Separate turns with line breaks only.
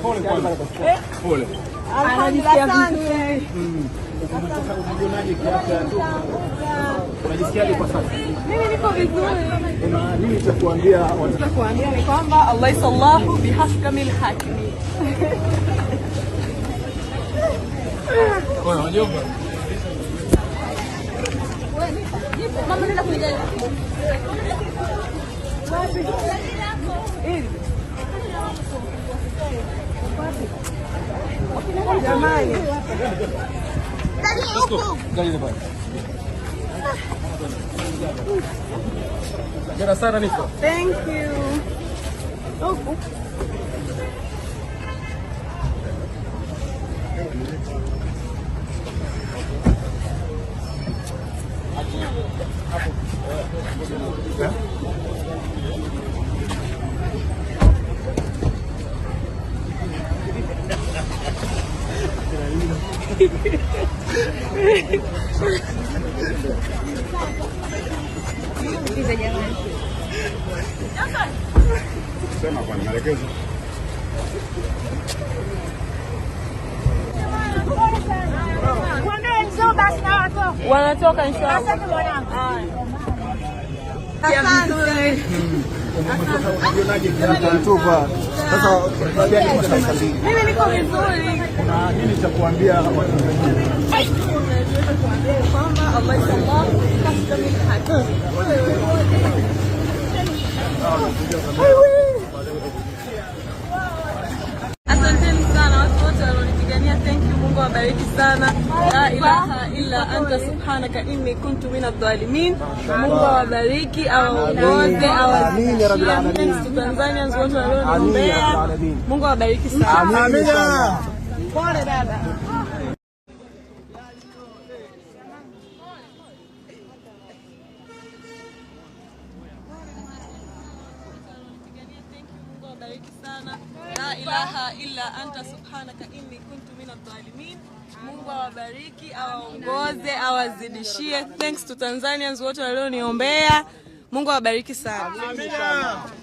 Pole, pole. Pole.
Alhamdulillah. Unajionaje
kiafya? Unajisikiaje
Mimi niko vizuri.
nini cha kuambia?
Kuambia ni kwamba Allah bihakamil hakimi. Jamani. Get on it. Thank you. Oh, oh. Yeah. ¿Y se llama? Se llama Juan Marequeso. Wanatoka inshallah. Asante mwanangu. Asante. Mimi niko vizuri.
Kuna nini cha kuambia watu wengine?
Asanteni sana watu wote walionipigania, thank you. Mungu awabariki sana ilaha illa anta subhanaka inni kuntu min adh-dhalimin. Mungu awabariki,
awaongoze, awazidishie
Tanzania wote waliombea. Mungu awabariki sana.
Amina. Pole dada.
Bariki sana. La ilaha illa anta subhanaka inni kuntu minadh-dhalimin. Mungu awabariki, awaongoze, awazidishie. Thanks to Tanzanians wote walioniombea. Mungu awabariki sana.
Amina.